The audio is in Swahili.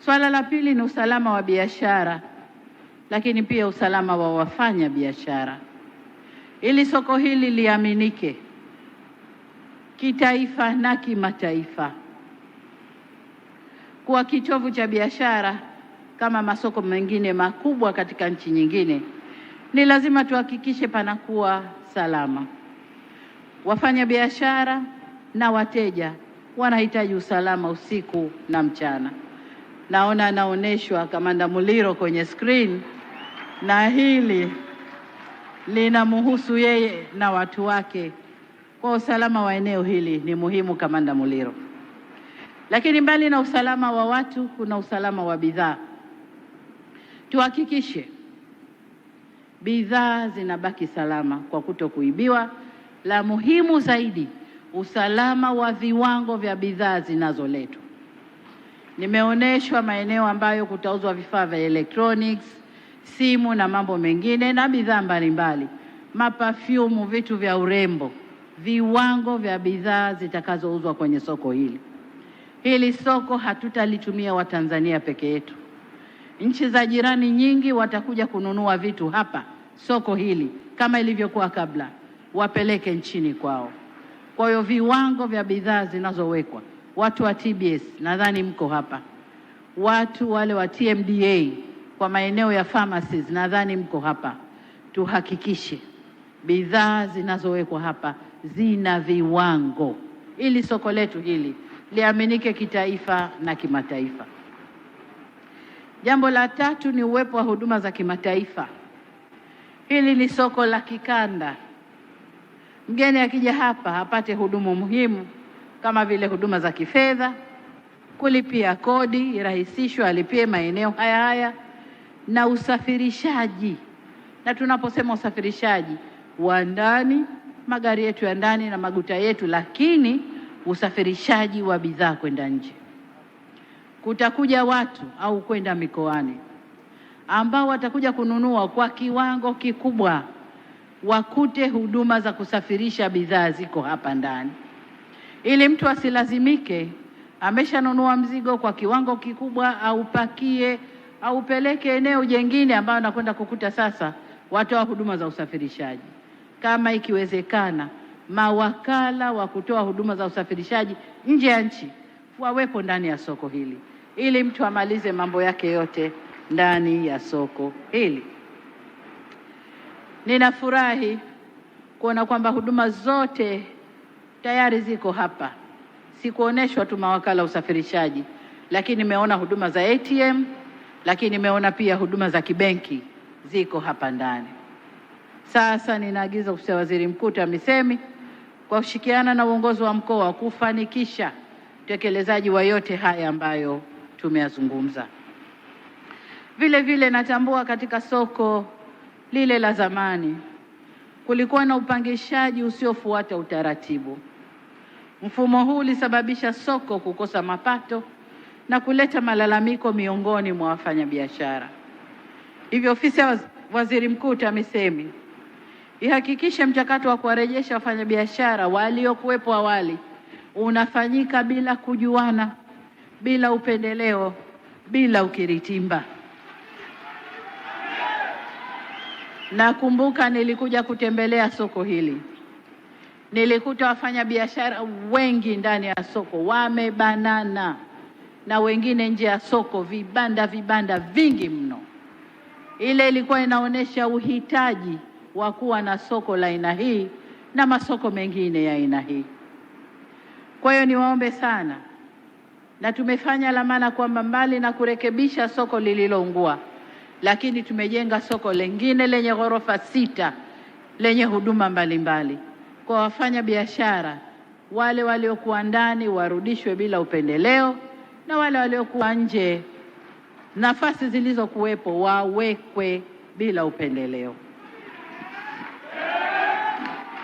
Swala la pili ni usalama wa biashara, lakini pia usalama wa wafanya biashara, ili soko hili liaminike kitaifa na kimataifa, kuwa kitovu cha biashara kama masoko mengine makubwa katika nchi nyingine, ni lazima tuhakikishe panakuwa salama. Wafanyabiashara na wateja wanahitaji usalama usiku na mchana naona anaonyeshwa Kamanda Muliro kwenye screen, na hili linamhusu yeye na watu wake. Kwa usalama wa eneo hili ni muhimu, Kamanda Muliro. Lakini mbali na usalama wa watu, kuna usalama wa bidhaa. Tuhakikishe bidhaa zinabaki salama kwa kuto kuibiwa. La muhimu zaidi, usalama wa viwango vya bidhaa zinazoletwa. Nimeonyeshwa maeneo ambayo kutauzwa vifaa vya electronics, simu na mambo mengine na bidhaa mbalimbali, mapafyumu, vitu vya urembo, viwango vya bidhaa zitakazouzwa kwenye soko hili. Hili soko hatutalitumia Watanzania peke yetu, nchi za jirani nyingi watakuja kununua vitu hapa soko hili, kama ilivyokuwa kabla, wapeleke nchini kwao. Kwa hiyo viwango vya bidhaa zinazowekwa watu wa TBS nadhani mko hapa, watu wale wa TMDA kwa maeneo ya pharmacies nadhani mko hapa, tuhakikishe bidhaa zinazowekwa hapa zina viwango ili soko letu hili liaminike kitaifa na kimataifa. Jambo la tatu ni uwepo wa huduma za kimataifa. Hili ni soko la kikanda. Mgeni akija hapa apate huduma muhimu kama vile huduma za kifedha, kulipia kodi irahisishwe, alipie maeneo haya haya na usafirishaji. Na tunaposema usafirishaji wa ndani, magari yetu ya ndani na maguta yetu, lakini usafirishaji wa bidhaa kwenda nje. Kutakuja watu au kwenda mikoani ambao watakuja kununua kwa kiwango kikubwa, wakute huduma za kusafirisha bidhaa ziko hapa ndani ili mtu asilazimike, ameshanunua mzigo kwa kiwango kikubwa, aupakie aupeleke eneo jengine ambayo nakwenda kukuta sasa watoa huduma za usafirishaji. Kama ikiwezekana, mawakala wa kutoa huduma za usafirishaji nje ya nchi wawepo ndani ya soko hili ili mtu amalize mambo yake yote ndani ya soko hili. Ninafurahi kuona kwamba huduma zote tayari ziko hapa. Sikuoneshwa tu mawakala usafirishaji, lakini nimeona huduma za ATM, lakini nimeona pia huduma za kibenki ziko hapa ndani. Sasa ninaagiza ofisi ya waziri mkuu TAMISEMI kwa kushirikiana na uongozi wa mkoa kufanikisha utekelezaji wa yote haya ambayo tumeyazungumza. Vile vile natambua katika soko lile la zamani kulikuwa na upangishaji usiofuata utaratibu. Mfumo huu ulisababisha soko kukosa mapato na kuleta malalamiko miongoni mwa wafanyabiashara. Hivyo ofisi ya waziri mkuu TAMISEMI ihakikishe mchakato wa kuwarejesha wafanyabiashara waliokuwepo awali unafanyika bila kujuana, bila upendeleo, bila ukiritimba. Nakumbuka nilikuja kutembelea soko hili nilikuta wafanyabiashara wengi ndani ya soko wamebanana na wengine nje ya soko, vibanda vibanda vingi mno. Ile ilikuwa inaonyesha uhitaji wa kuwa na soko la aina hii na masoko mengine ya aina hii. Kwa hiyo niwaombe sana, na tumefanya lamana kwamba mbali na kurekebisha soko lililoungua, lakini tumejenga soko lingine lenye ghorofa sita lenye huduma mbalimbali mbali kwa wafanya biashara wale waliokuwa ndani warudishwe bila upendeleo, na wale waliokuwa nje nafasi zilizokuwepo wawekwe bila upendeleo.